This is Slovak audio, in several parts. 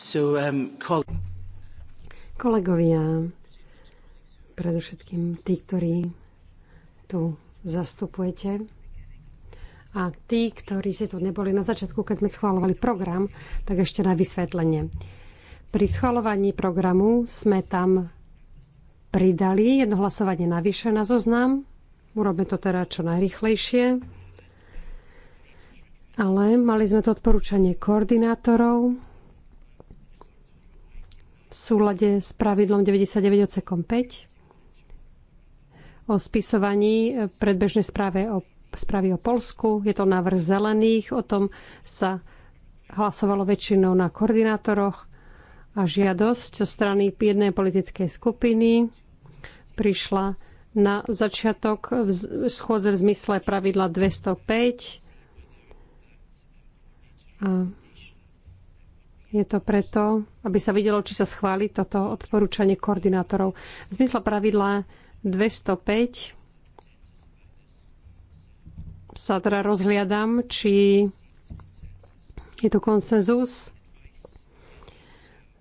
So, um, Kolegovia, predovšetkým tí, ktorí tu zastupujete a tí, ktorí ste tu neboli na začiatku, keď sme schválovali program, tak ešte na vysvetlenie. Pri schvalovaní programu sme tam pridali jedno hlasovanie navyše na zoznam. Urobme to teda čo najrychlejšie ale mali sme to odporúčanie koordinátorov v súlade s pravidlom 99.5 o spisovaní e, predbežnej správe o, správy o Polsku. Je to návrh zelených, o tom sa hlasovalo väčšinou na koordinátoroch a žiadosť zo strany jednej politickej skupiny prišla na začiatok schôdze v zmysle pravidla 205 a je to preto, aby sa videlo, či sa schváli toto odporúčanie koordinátorov. V zmysle pravidla 205 sa teda rozhliadam, či je tu konsenzus.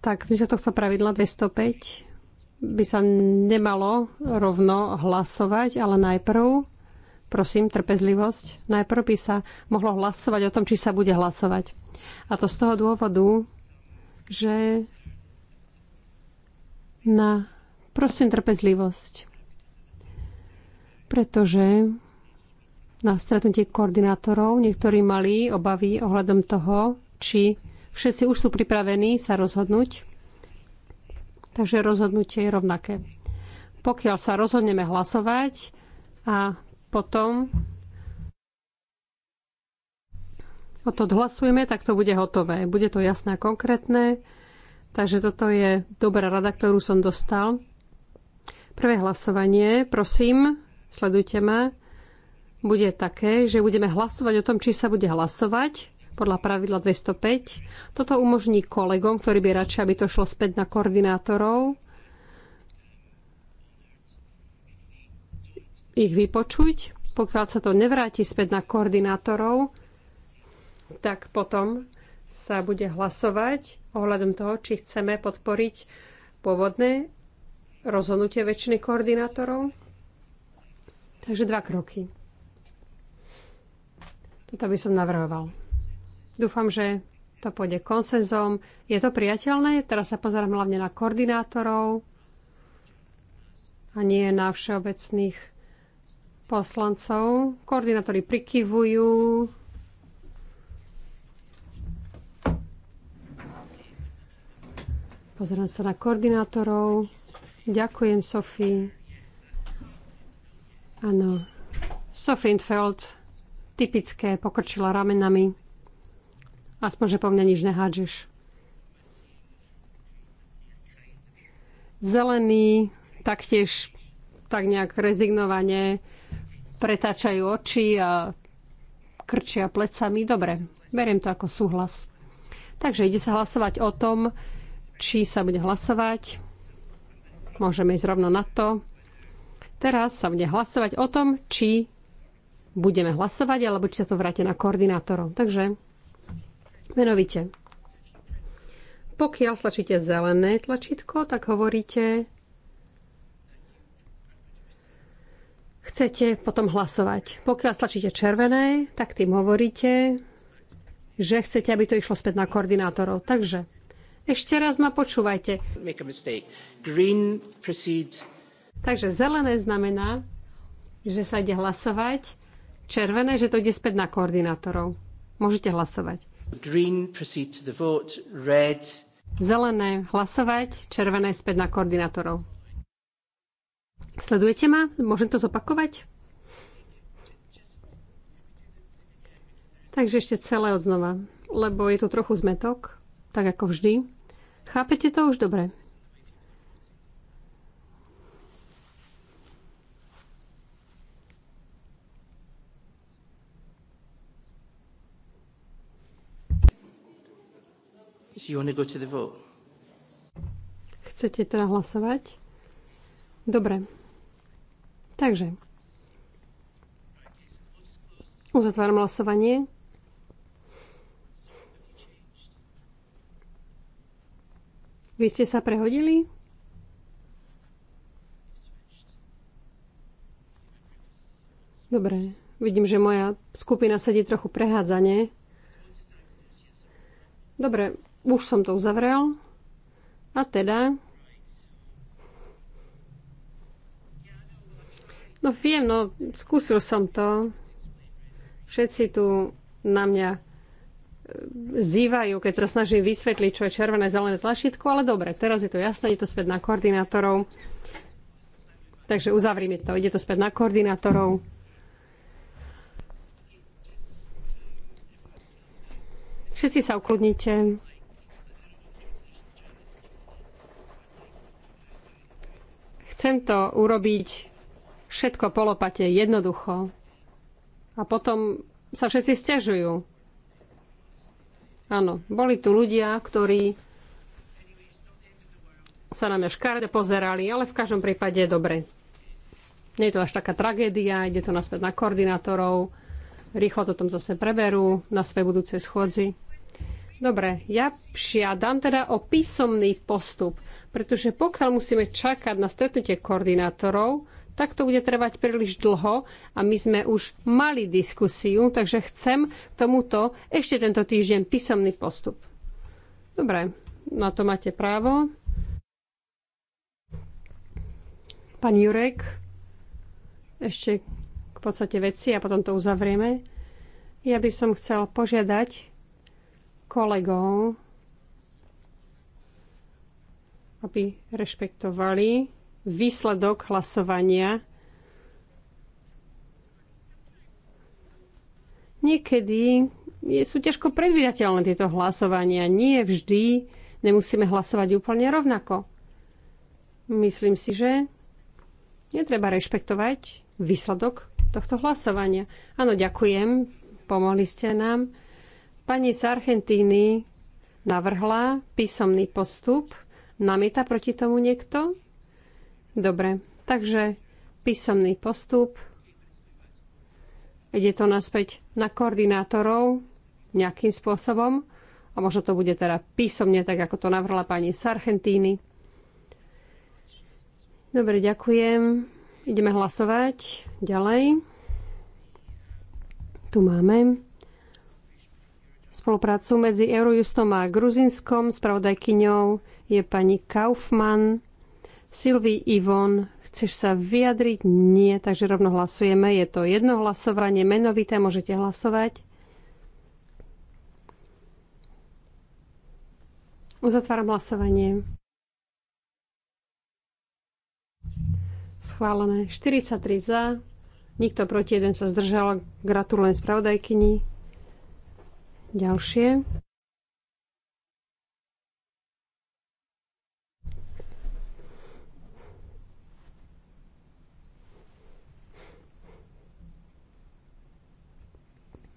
Tak v zmysle tohto pravidla 205 by sa nemalo rovno hlasovať, ale najprv Prosím, trpezlivosť. Najprv by sa mohlo hlasovať o tom, či sa bude hlasovať. A to z toho dôvodu, že na prosím trpezlivosť. Pretože na stretnutí koordinátorov niektorí mali obavy ohľadom toho, či všetci už sú pripravení sa rozhodnúť. Takže rozhodnutie je rovnaké. Pokiaľ sa rozhodneme hlasovať, a potom o to odhlasujeme, tak to bude hotové. Bude to jasné a konkrétne. Takže toto je dobrá rada, ktorú som dostal. Prvé hlasovanie, prosím, sledujte ma, bude také, že budeme hlasovať o tom, či sa bude hlasovať podľa pravidla 205. Toto umožní kolegom, ktorí by radšej, aby to šlo späť na koordinátorov, ich vypočuť. Pokiaľ sa to nevráti späť na koordinátorov, tak potom sa bude hlasovať ohľadom toho, či chceme podporiť pôvodné rozhodnutie väčšiny koordinátorov. Takže dva kroky. Toto by som navrhoval. Dúfam, že to pôjde konsenzom. Je to priateľné? Teraz sa pozerám hlavne na koordinátorov a nie na všeobecných poslancov. Koordinátori prikyvujú. Pozerám sa na koordinátorov. Ďakujem, Sofii. Áno. Infeld typické pokrčila ramenami. Aspoň, že po mne nič nehádžeš. Zelený taktiež tak nejak rezignovane pretáčajú oči a krčia plecami. Dobre, beriem to ako súhlas. Takže ide sa hlasovať o tom, či sa bude hlasovať. Môžeme ísť rovno na to. Teraz sa bude hlasovať o tom, či budeme hlasovať, alebo či sa to vráte na koordinátorov. Takže menovite. Pokiaľ tlačíte zelené tlačítko, tak hovoríte chcete potom hlasovať. Pokiaľ stlačíte červené, tak tým hovoríte, že chcete, aby to išlo späť na koordinátorov. Takže ešte raz ma počúvajte. Takže zelené znamená, že sa ide hlasovať. Červené, že to ide späť na koordinátorov. Môžete hlasovať. Zelené hlasovať, červené späť na koordinátorov. Sledujete ma? Môžem to zopakovať? Takže ešte celé odznova, lebo je tu trochu zmetok, tak ako vždy. Chápete to už dobre? Chcete teda hlasovať? Dobre. Takže uzatváram hlasovanie. Vy ste sa prehodili? Dobre, vidím, že moja skupina sedí trochu prehádzane. Dobre, už som to uzavrel. A teda No viem, no skúsil som to. Všetci tu na mňa e, zývajú, keď sa snažím vysvetliť, čo je červené, zelené tlačítko, ale dobre, teraz je to jasné, je to späť na koordinátorov. Takže uzavrime to, ide to späť na koordinátorov. Všetci sa ukludnite. Chcem to urobiť všetko polopate, jednoducho. A potom sa všetci stiažujú. Áno, boli tu ľudia, ktorí sa na mňa škarde pozerali, ale v každom prípade dobre. Nie je to až taká tragédia, ide to naspäť na koordinátorov, rýchlo to tam zase preberú na svoje budúce schôdzi. Dobre, ja žiadam teda o písomný postup, pretože pokiaľ musíme čakať na stretnutie koordinátorov, tak to bude trvať príliš dlho a my sme už mali diskusiu, takže chcem k tomuto ešte tento týždeň písomný postup. Dobre, na to máte právo. Pán Jurek, ešte k podstate veci a potom to uzavrieme. Ja by som chcel požiadať kolegov, aby rešpektovali výsledok hlasovania. Niekedy sú ťažko predvídateľné tieto hlasovania. Nie vždy nemusíme hlasovať úplne rovnako. Myslím si, že netreba rešpektovať výsledok tohto hlasovania. Áno, ďakujem, pomohli ste nám. Pani z Argentíny navrhla písomný postup. Namieta proti tomu niekto? Dobre, takže písomný postup. Ide to naspäť na koordinátorov nejakým spôsobom. A možno to bude teda písomne, tak ako to navrhla pani Sargentini. Dobre, ďakujem. Ideme hlasovať ďalej. Tu máme spoluprácu medzi Eurojustom a Gruzinskom. Spravodajkyňou je pani Kaufmann. Silvi Ivon, chceš sa vyjadriť? Nie, takže rovno hlasujeme. Je to jedno hlasovanie, menovité, môžete hlasovať. Uzatváram hlasovanie. Schválené. 43 za, nikto proti, jeden sa zdržal. Gratulujem spravodajkyni. Ďalšie.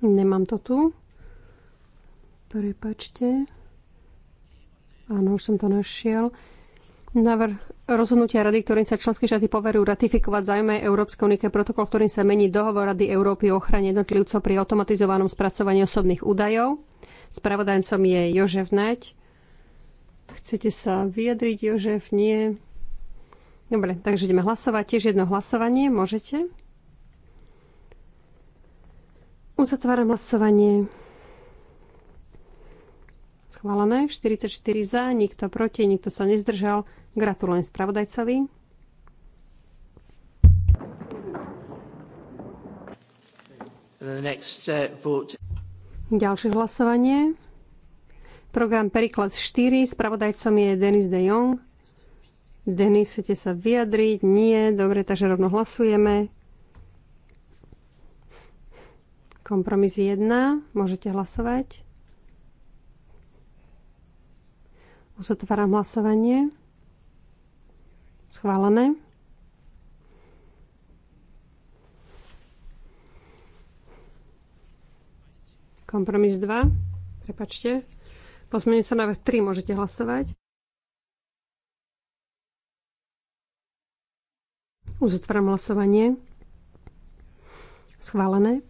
Nemám to tu. Prepačte. Áno, už som to našiel. Navrh rozhodnutia rady, ktorým sa členské štáty poverujú ratifikovať zájme Európskej únie protokol, ktorým sa mení dohovor Rady Európy o ochrane jednotlivcov pri automatizovanom spracovaní osobných údajov. Spravodajcom je Jožef Naď. Chcete sa vyjadriť, Jožef? Nie. Dobre, takže ideme hlasovať. Tiež jedno hlasovanie. Môžete. Uzatváram hlasovanie. Schválené. 44 za, nikto proti, nikto sa nezdržal. Gratulujem spravodajcovi. Next, uh, Ďalšie hlasovanie. Program Perikles 4. Spravodajcom je Denis de Jong. Denis, chcete sa vyjadriť? Nie. Dobre, takže rovno hlasujeme. Kompromis 1. Môžete hlasovať. Uzatváram hlasovanie. Schválené. Kompromis 2. Prepačte. na návrh 3 môžete hlasovať. Uzatváram hlasovanie. Schválené.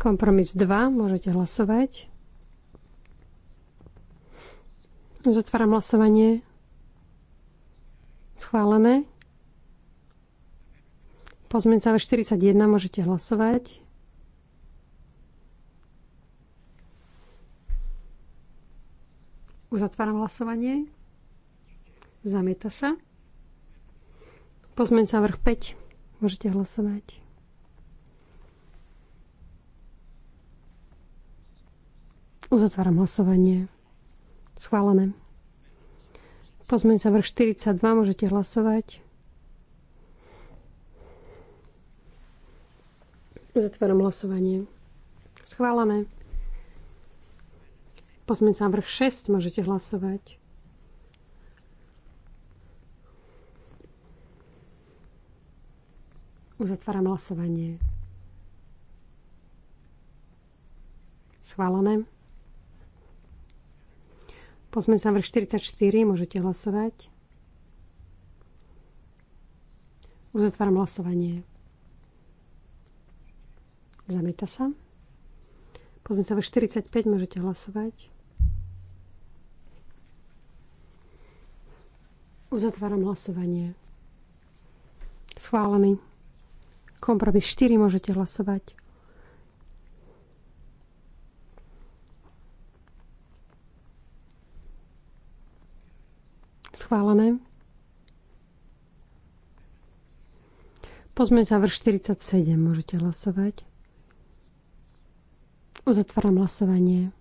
Kompromis 2, môžete hlasovať. Zatváram hlasovanie. Schválené. Pozmeňca 41, môžete hlasovať. Uzatváram hlasovanie. Zamieta sa. sa vrch 5, môžete hlasovať. Uzatváram hlasovanie. Schválené. Pozmeň sa vrch 42, môžete hlasovať. Uzatváram hlasovanie. Schválené. Pozmeň sa vrch 6, môžete hlasovať. Uzatváram hlasovanie. Schválené. Pozme sa vrch 44, môžete hlasovať. Uzatváram hlasovanie. Zamieta sa. Pozme sa vrch 45, môžete hlasovať. Uzatváram hlasovanie. Schválený. Kompromis 4 môžete hlasovať. schválené. Pozme za vrch 47, môžete hlasovať. Uzatváram hlasovanie.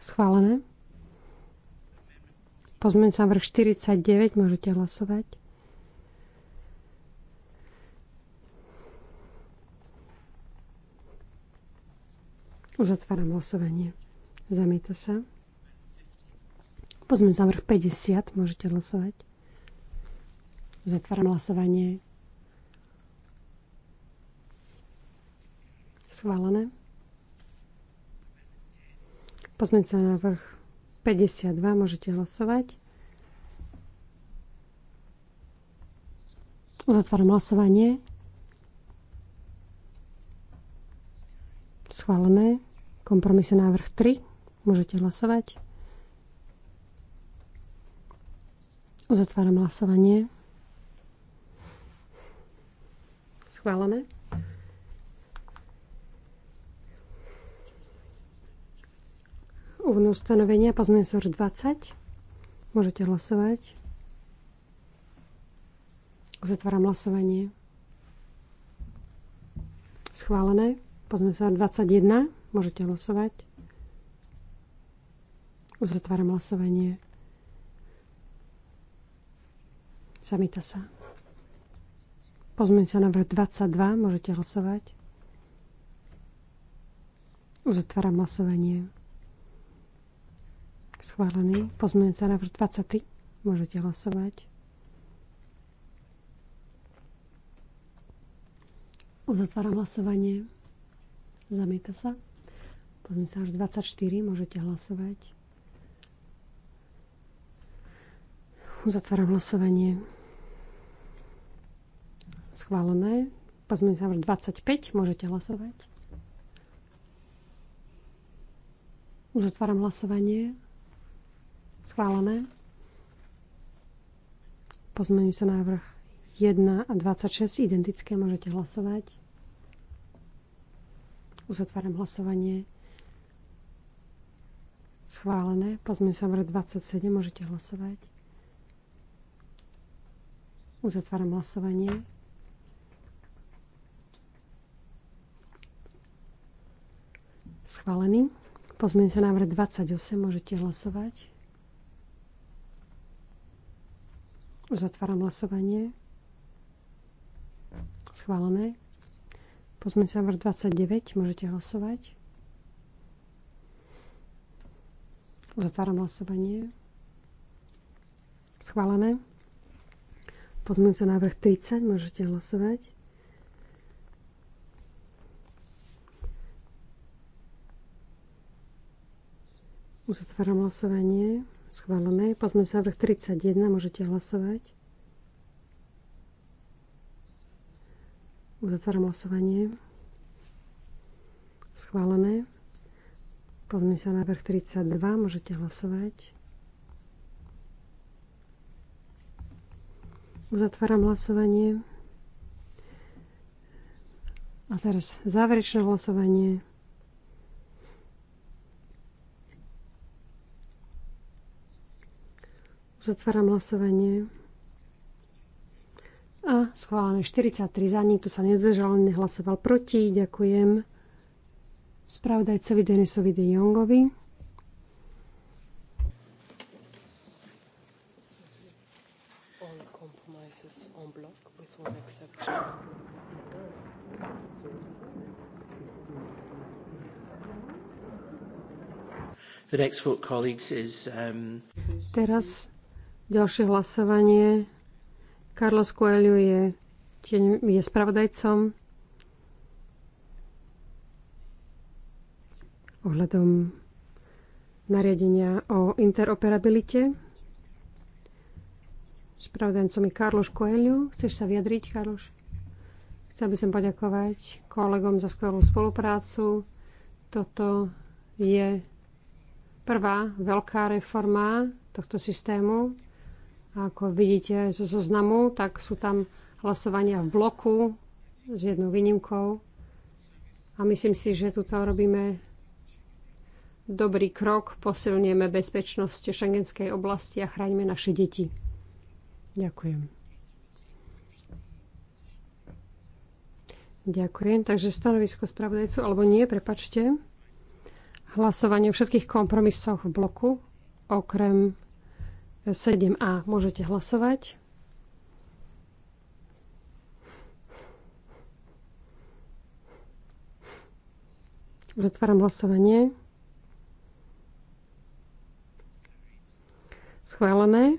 Schválené. Pozme sa vrch 49, môžete hlasovať. Uzatváram hlasovanie. Zamieta sa. Pozme návrh 50, môžete hlasovať. Zatváram hlasovanie. Schválené. Pozme sa vrch 52, môžete hlasovať. Zatváram hlasovanie. Schválené. Kompromisný návrh 3. Môžete hlasovať. Uzatváram hlasovanie. Schválené. Uvnú ustanovenia, pozmeňujem 20. Môžete hlasovať. Uzatváram hlasovanie. Schválené. Pozme sa 21. Môžete hlasovať. Uzatváram hlasovanie. Zamieta sa. Pozmeňte sa na vrch 22. Môžete hlasovať. Uzatváram hlasovanie. Schválený. Pozmeňte sa na vrch 23. Môžete hlasovať. Uzatváram hlasovanie. Zamieta sa. Pozmeňte sa vrch 24. Môžete hlasovať. Uzatváram hlasovanie. Schválené. Pozmeňujúci sa 25. Môžete hlasovať. Uzatváram hlasovanie. Schválené. sa návrh 1 a 26. Identické. Môžete hlasovať. Uzatváram hlasovanie. Schválené. sa návrh 27. Môžete hlasovať. Uzatváram hlasovanie. Schválený. sa návrh 28. Môžete hlasovať. Uzatváram hlasovanie. Schválené. sa návrh 29. Môžete hlasovať. Uzatváram hlasovanie. Schválené. sa návrh 30. Môžete hlasovať. Uzatváram hlasovanie. Schválené. sa vrch 31. Môžete hlasovať. Uzatváram hlasovanie. Schválené. na vrch 32. Môžete hlasovať. Uzatváram hlasovanie. A teraz záverečné hlasovanie. Zatváram hlasovanie. A schválené 43 za, nikto sa nezdržal, nehlasoval proti. Ďakujem spravodajcovi Denisovi de Jongovi. Export, is, um... Teraz Ďalšie hlasovanie. Carlos Coelho je, je spravodajcom ohľadom nariadenia o interoperabilite. Spravodajcom je Carlos Coelho. Chceš sa vyjadriť, Carlos? Chcel by som poďakovať kolegom za skvelú spoluprácu. Toto je prvá veľká reforma tohto systému. Ako vidíte zo zoznamu, tak sú tam hlasovania v bloku s jednou výnimkou. A myslím si, že tuto robíme dobrý krok, posilňujeme bezpečnosť šengenskej oblasti a chráňme naše deti. Ďakujem. Ďakujem. Takže stanovisko spravodajcu, alebo nie, prepačte. Hlasovanie o všetkých kompromisoch v bloku, okrem 7a. Môžete hlasovať. Zatváram hlasovanie. Schválené.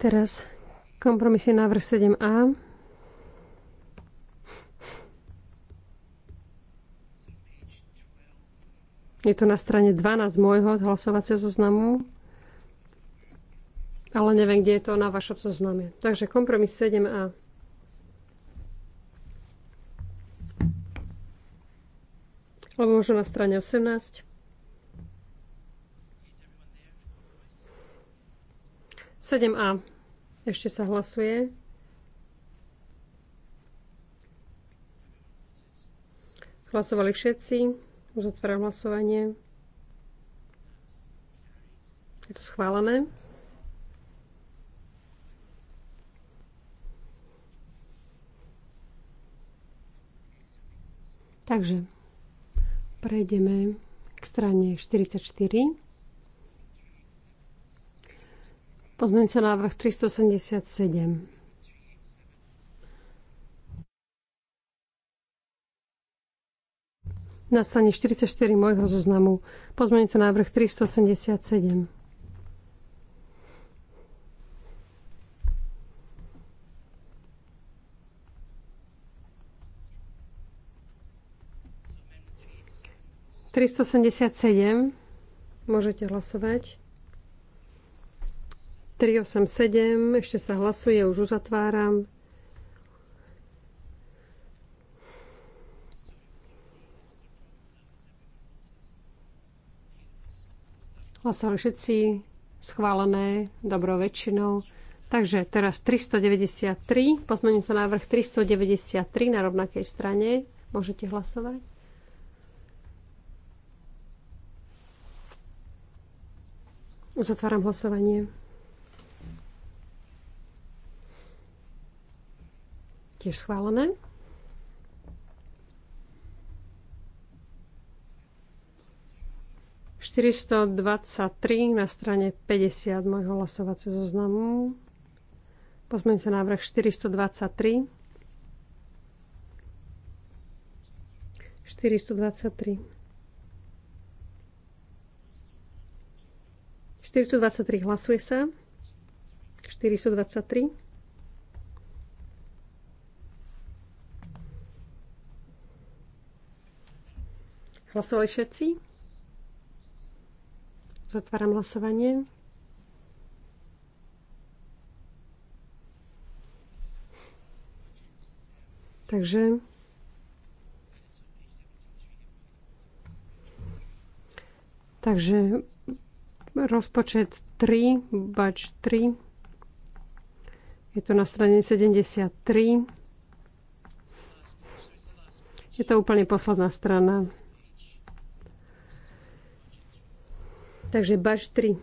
Teraz kompromisný návrh 7a. Je to na strane 12 môjho hlasovacieho zoznamu ale neviem, kde je to na vašom zozname. Takže kompromis 7a. Alebo možno na strane 18. Sedem A. Ešte sa hlasuje. Hlasovali všetci. Uzatváram hlasovanie. Je to schválené. Takže prejdeme k strane 44. Pozmeňte návrh 387. Na strane 44 môjho zoznamu pozmeňte návrh 387. 377. Môžete hlasovať. 387. Ešte sa hlasuje, už uzatváram. Hlasovali všetci schválené dobrou väčšinou. Takže teraz 393, pozmením sa návrh 393 na rovnakej strane. Môžete hlasovať. Uzatváram hlasovanie. Tiež schválené. 423 na strane 50 môjho hlasovacieho zoznamu. Pozmeňte návrh 423. 423. 423 hlasuje sa. 423. Hlasovali všetci? Zatváram hlasovanie. Takže Takže rozpočet 3, bač 3. Je to na strane 73. Je to úplne posledná strana. Takže bač 3.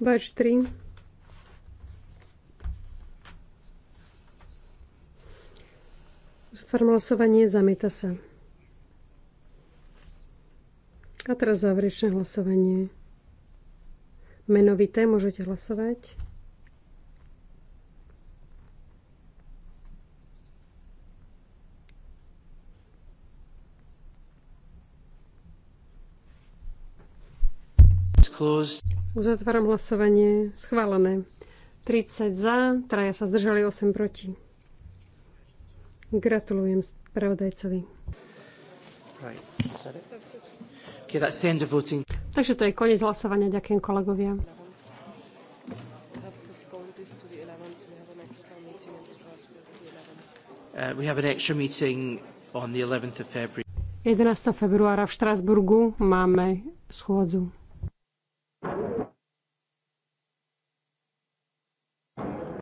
Bač 3. Otváram hlasovanie, zamieta sa. A teraz záverečné hlasovanie. Menovité, môžete hlasovať. Uzatváram hlasovanie. Schválené. 30 za, traja sa zdržali, 8 proti. Gratulujem spravodajcovi. Takže to je koniec hlasovania. Ďakujem kolegovia. Uh, we have an extra meeting on the 11th of February. 11. februára v Štrasburgu máme schôdzu.